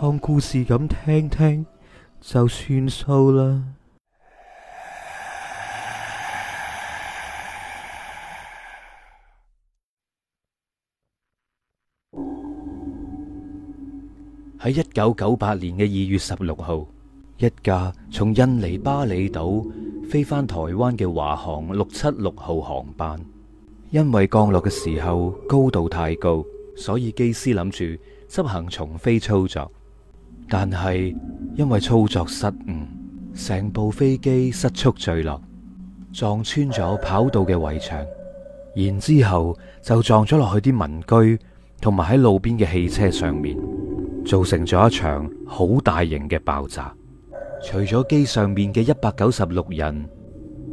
當故事咁聽聽就算數啦。喺一九九八年嘅二月十六號，一架從印尼巴厘島飛返台灣嘅華航六七六號航班，因為降落嘅時候高度太高，所以機師諗住執行重飛操作。但係因為操作失誤，成部飛機失速墜落，撞穿咗跑道嘅圍牆，然之後就撞咗落去啲民居，同埋喺路邊嘅汽車上面，造成咗一場好大型嘅爆炸。除咗機上面嘅一百九十六人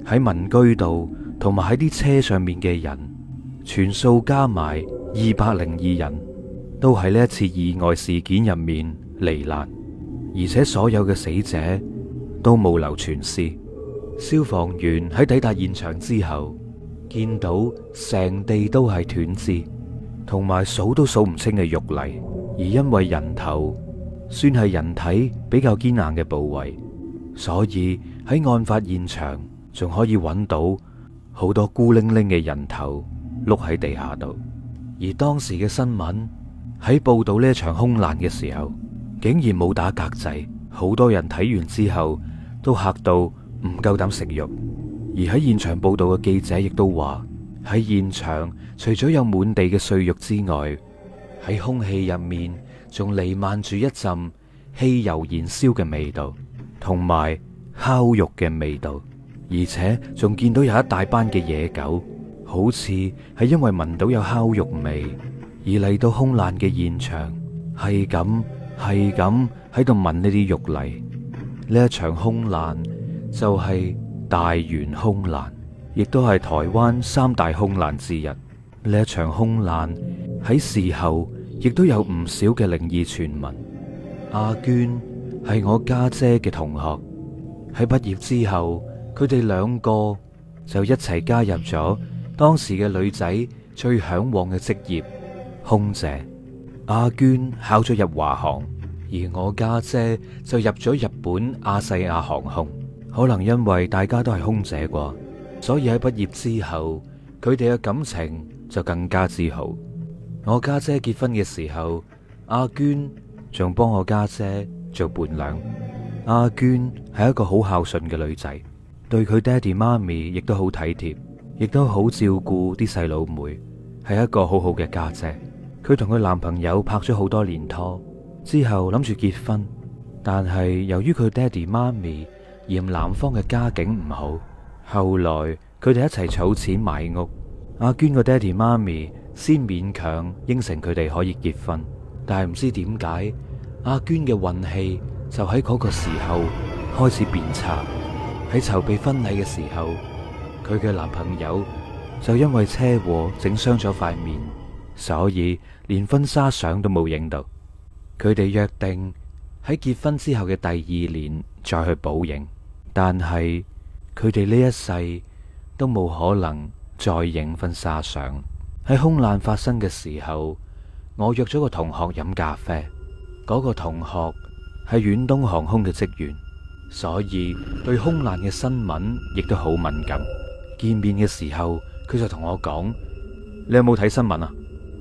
喺民居度，同埋喺啲車上面嘅人，全數加埋二百零二人，都喺呢一次意外事件入面。罹難，而且所有嘅死者都冇留全屍。消防員喺抵達現場之後，見到成地都係斷肢，同埋數都數唔清嘅肉泥。而因為人頭算係人體比較堅硬嘅部位，所以喺案發現場仲可以揾到好多孤零零嘅人頭碌喺地下度。而當時嘅新聞喺報道呢一場空難嘅時候。竟然冇打格仔，好多人睇完之後都吓到唔夠膽食肉。而喺現場報道嘅記者亦都話，喺現場除咗有滿地嘅碎肉之外，喺空氣入面仲彌漫住一陣汽油燃燒嘅味道，同埋烤肉嘅味道。而且仲見到有一大班嘅野狗，好似係因為聞到有烤肉味而嚟到空難嘅現場，係咁。係咁喺度問呢啲玉麗，呢一場空難就係大園空難，亦都係台灣三大空難之一。呢一場空難喺事後亦都有唔少嘅靈異傳聞。阿娟係我家姐嘅同學，喺畢業之後，佢哋兩個就一齊加入咗當時嘅女仔最向往嘅職業——空姐。阿娟考咗入華航，而我家姐就入咗日本亞細亞航空。可能因為大家都係空姐啩，所以喺畢業之後，佢哋嘅感情就更加之好。我家姐結婚嘅時候，阿娟仲幫我家姐做伴娘。阿娟係一個好孝順嘅女仔，對佢爹哋媽咪亦都好體貼，亦都好照顧啲細佬妹，係一個好好嘅家姐。佢同佢男朋友拍咗好多年拖之後，諗住結婚，但係由於佢爹哋媽咪嫌男方嘅家境唔好，後來佢哋一齊儲錢買屋。阿娟個爹哋媽咪先勉強應承佢哋可以結婚，但係唔知點解阿娟嘅運氣就喺嗰個時候開始變差。喺籌備婚禮嘅時候，佢嘅男朋友就因為車禍整傷咗塊面，所以，連婚紗相都冇影到，佢哋約定喺結婚之後嘅第二年再去補影，但係佢哋呢一世都冇可能再影婚紗相。喺空難發生嘅時候，我約咗個同學飲咖啡，嗰個同學係遠東航空嘅職員，所以對空難嘅新聞亦都好敏感。見面嘅時候，佢就同我講：你有冇睇新聞啊？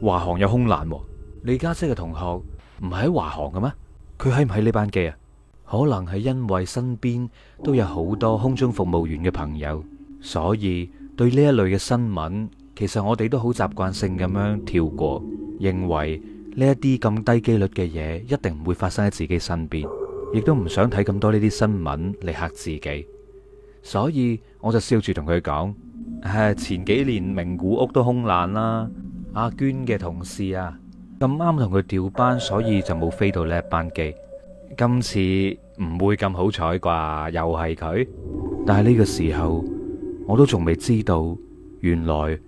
華航有空難，哦，你家姐嘅同學唔係喺華航嘅咩？佢喺唔喺呢班機啊？可能係因為身邊都有好多空中服務員嘅朋友，所以對呢一類嘅新聞，其實我哋都好習慣性咁樣跳過，認為呢一啲咁低機率嘅嘢一定唔會發生喺自己身邊，亦都唔想睇咁多呢啲新聞嚟嚇自己。所以我就笑住同佢講：唉、啊，前幾年名古屋都空難啦。阿娟嘅同事啊，咁啱同佢調班，所以就冇飛到呢班機。今次唔會咁好彩啩？又係佢。但係呢個時候我都仲未知道，原來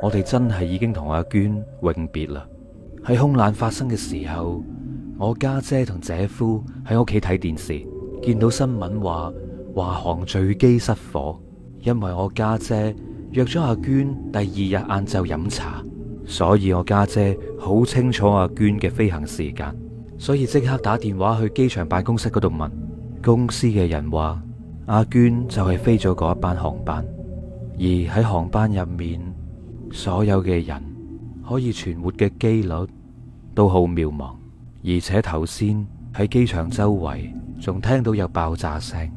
我哋真係已經同阿娟永別啦。喺空難發生嘅時候，我家姐同姐夫喺屋企睇電視，見到新聞話華航墜機失火，因為我家姐約咗阿娟第二日晏晝飲茶。所以我家姐好清楚阿娟嘅飛行時間，所以即刻打電話去機場辦公室嗰度問公司嘅人話：阿娟就係飛咗嗰一班航班，而喺航班入面所有嘅人可以存活嘅機率都好渺茫，而且頭先喺機場周圍仲聽到有爆炸聲，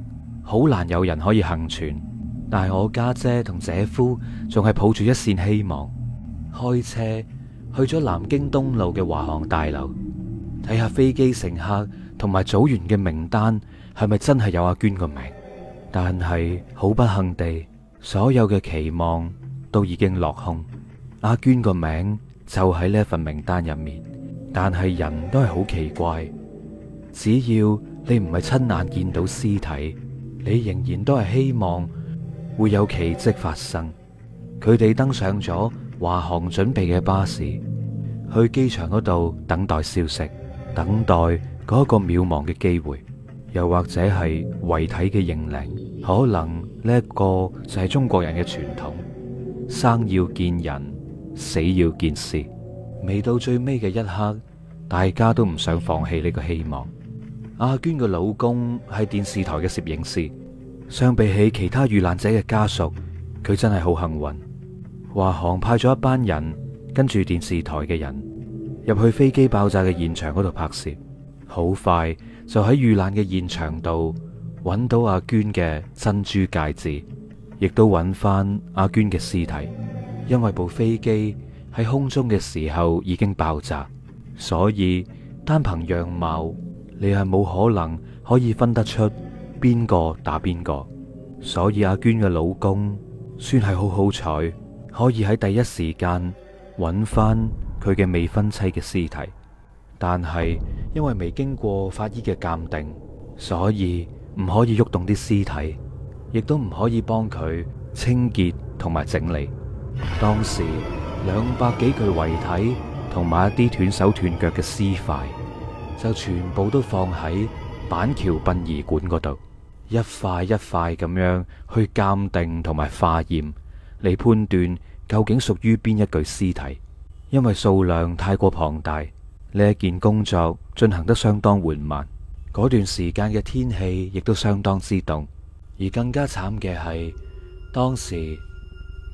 好難有人可以幸存。但係我家姐同姐夫仲係抱住一線希望。開車去咗南京東路嘅華航大樓睇下飛機乘客同埋組員嘅名單，係咪真係有阿娟個名？但係好不幸地，所有嘅期望都已經落空。阿娟個名就喺呢份名單入面，但係人都係好奇怪，只要你唔係親眼見到屍體，你仍然都係希望會有奇跡發生。佢哋登上咗。華航準備嘅巴士去機場嗰度等待消息，等待嗰一個渺茫嘅機會，又或者係遺體嘅認領。可能呢一個就係中國人嘅傳統，生要見人，死要見屍。未到最尾嘅一刻，大家都唔想放棄呢個希望。阿娟嘅老公係電視台嘅攝影師，相比起其他遇難者嘅家屬，佢真係好幸運。華航派咗一班人跟住電視台嘅人入去飛機爆炸嘅現場嗰度拍攝，好快就喺遇難嘅現場度揾到阿娟嘅珍珠戒指，亦都揾翻阿娟嘅屍體。因為部飛機喺空中嘅時候已經爆炸，所以單憑樣貌你係冇可能可以分得出邊個打邊個，所以阿娟嘅老公算係好好彩。可以喺第一時間揾翻佢嘅未婚妻嘅屍體，但係因為未經過法醫嘅鑒定，所以唔可以喐動啲屍體，亦都唔可以幫佢清潔同埋整理。當時兩百幾具遺體同埋一啲斷手斷腳嘅屍塊，就全部都放喺板橋殯儀館嗰度，一塊一塊咁樣去鑒定同埋化驗。嚟判斷究竟屬於邊一具屍體，因為數量太過龐大，呢一件工作進行得相當緩慢。嗰段時間嘅天氣亦都相當之凍，而更加慘嘅係當時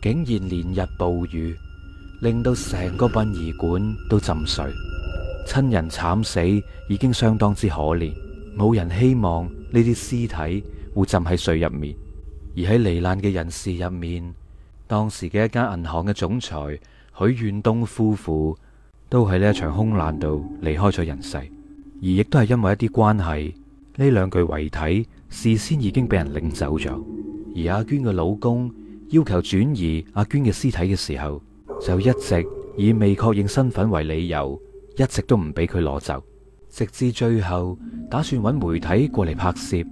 竟然連日暴雨，令到成個殯儀館都浸水。親人慘死已經相當之可憐，冇人希望呢啲屍體會浸喺水入面，而喺罹難嘅人士入面。當時嘅一間銀行嘅總裁許遠東夫婦都喺呢一場空難度離開咗人世，而亦都係因為一啲關係，呢兩具遺體事先已經俾人領走咗。而阿娟嘅老公要求轉移阿娟嘅屍體嘅時候，就一直以未確認身份為理由，一直都唔俾佢攞走，直至最後打算揾媒體過嚟拍攝，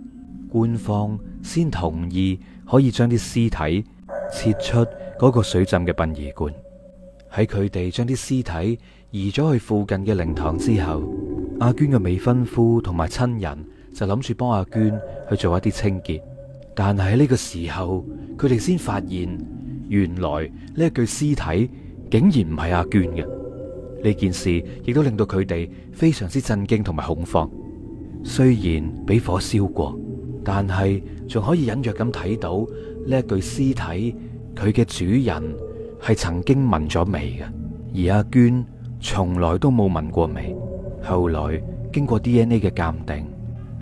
官方先同意可以將啲屍體。撤出嗰個水浸嘅殯儀館，喺佢哋將啲屍體移咗去附近嘅靈堂之後，阿娟嘅未婚夫同埋親人就諗住幫阿娟去做一啲清潔。但係呢個時候，佢哋先發現原來呢一具屍體竟然唔係阿娟嘅。呢件事亦都令到佢哋非常之震驚同埋恐慌。雖然俾火燒過，但係仲可以隱約咁睇到。呢一具屍體，佢嘅主人係曾經紋咗眉嘅，而阿娟從來都冇紋過眉。後來經過 D N A 嘅鑑定，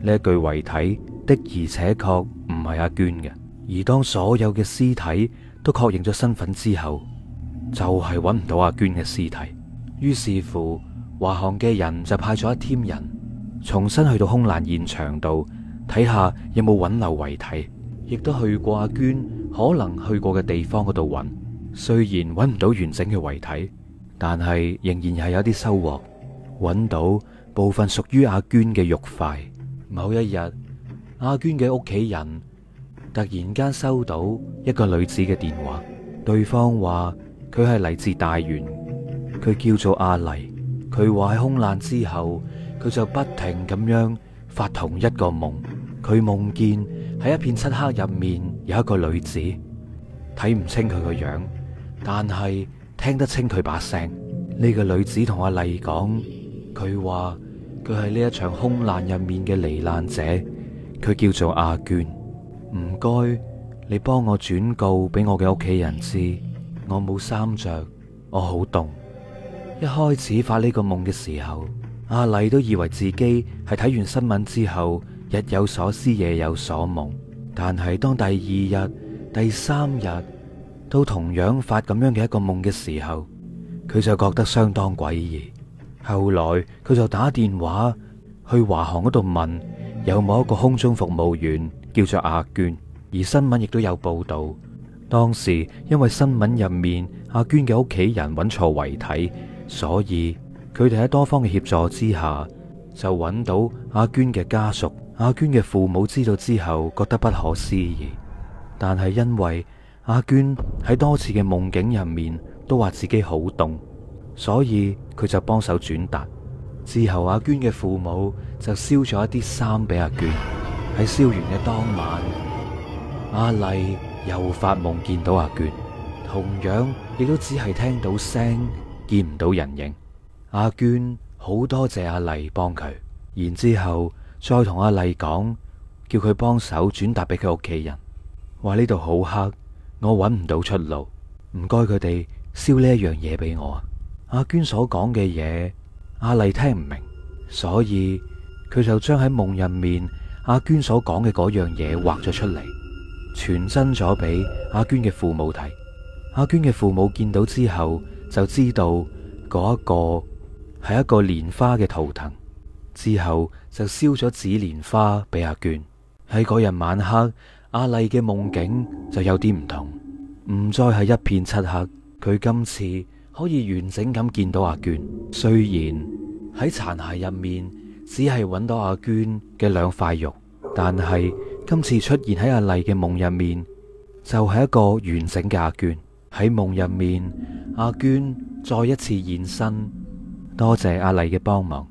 呢一具遺體的而且確唔係阿娟嘅。而當所有嘅屍體都確認咗身份之後，就係揾唔到阿娟嘅屍體。於是乎，華航嘅人就派咗一 team 人，重新去到空難現場度睇下有冇揾漏遺體。亦都去過阿娟可能去過嘅地方嗰度揾，雖然揾唔到完整嘅遺體，但係仍然係有啲收穫，揾到部分屬於阿娟嘅肉塊。某一日，阿娟嘅屋企人突然間收到一個女子嘅電話，對方話佢係嚟自大園，佢叫做阿麗，佢話喺空難之後，佢就不停咁樣發同一個夢，佢夢見。喺一片漆黑入面，有一個女子睇唔清佢個樣，但係聽得清佢把聲。呢個女子同阿麗講，佢話佢係呢一場空難入面嘅罹難者，佢叫做阿娟。唔該，你幫我轉告俾我嘅屋企人知，我冇衫着，我好凍。一開始發呢個夢嘅時候，阿麗都以為自己係睇完新聞之後。日有所思，夜有所夢。但係當第二日、第三日都同樣發咁樣嘅一個夢嘅時候，佢就覺得相當詭異。後來佢就打電話去華航嗰度問，有冇一個空中服務員叫做阿娟。而新聞亦都有報道，當時因為新聞入面阿娟嘅屋企人揾錯遺體，所以佢哋喺多方嘅協助之下，就揾到阿娟嘅家屬。阿娟嘅父母知道之後，覺得不可思議。但係因為阿娟喺多次嘅夢境入面都話自己好凍，所以佢就幫手轉達。之後阿娟嘅父母就燒咗一啲衫俾阿娟。喺燒完嘅當晚，阿麗又發夢見到阿娟，同樣亦都只係聽到聲，見唔到人影。阿娟好多謝阿麗幫佢。然之後，再同阿麗講，叫佢幫手轉達俾佢屋企人，話呢度好黑，我揾唔到出路，唔該佢哋燒呢一樣嘢俾我。阿娟所講嘅嘢，阿麗聽唔明，所以佢就將喺夢入面阿娟所講嘅嗰樣嘢畫咗出嚟，傳真咗俾阿娟嘅父母睇。阿娟嘅父母見到之後，就知道嗰一個係一個蓮花嘅圖騰。之後就燒咗紫蓮花俾阿娟。喺嗰日晚黑，阿麗嘅夢境就有啲唔同，唔再係一片漆黑。佢今次可以完整咁見到阿娟。雖然喺殘骸入面只係揾到阿娟嘅兩塊肉，但係今次出現喺阿麗嘅夢入面就係一個完整嘅阿娟。喺夢入面，阿娟再一次現身，多謝阿麗嘅幫忙。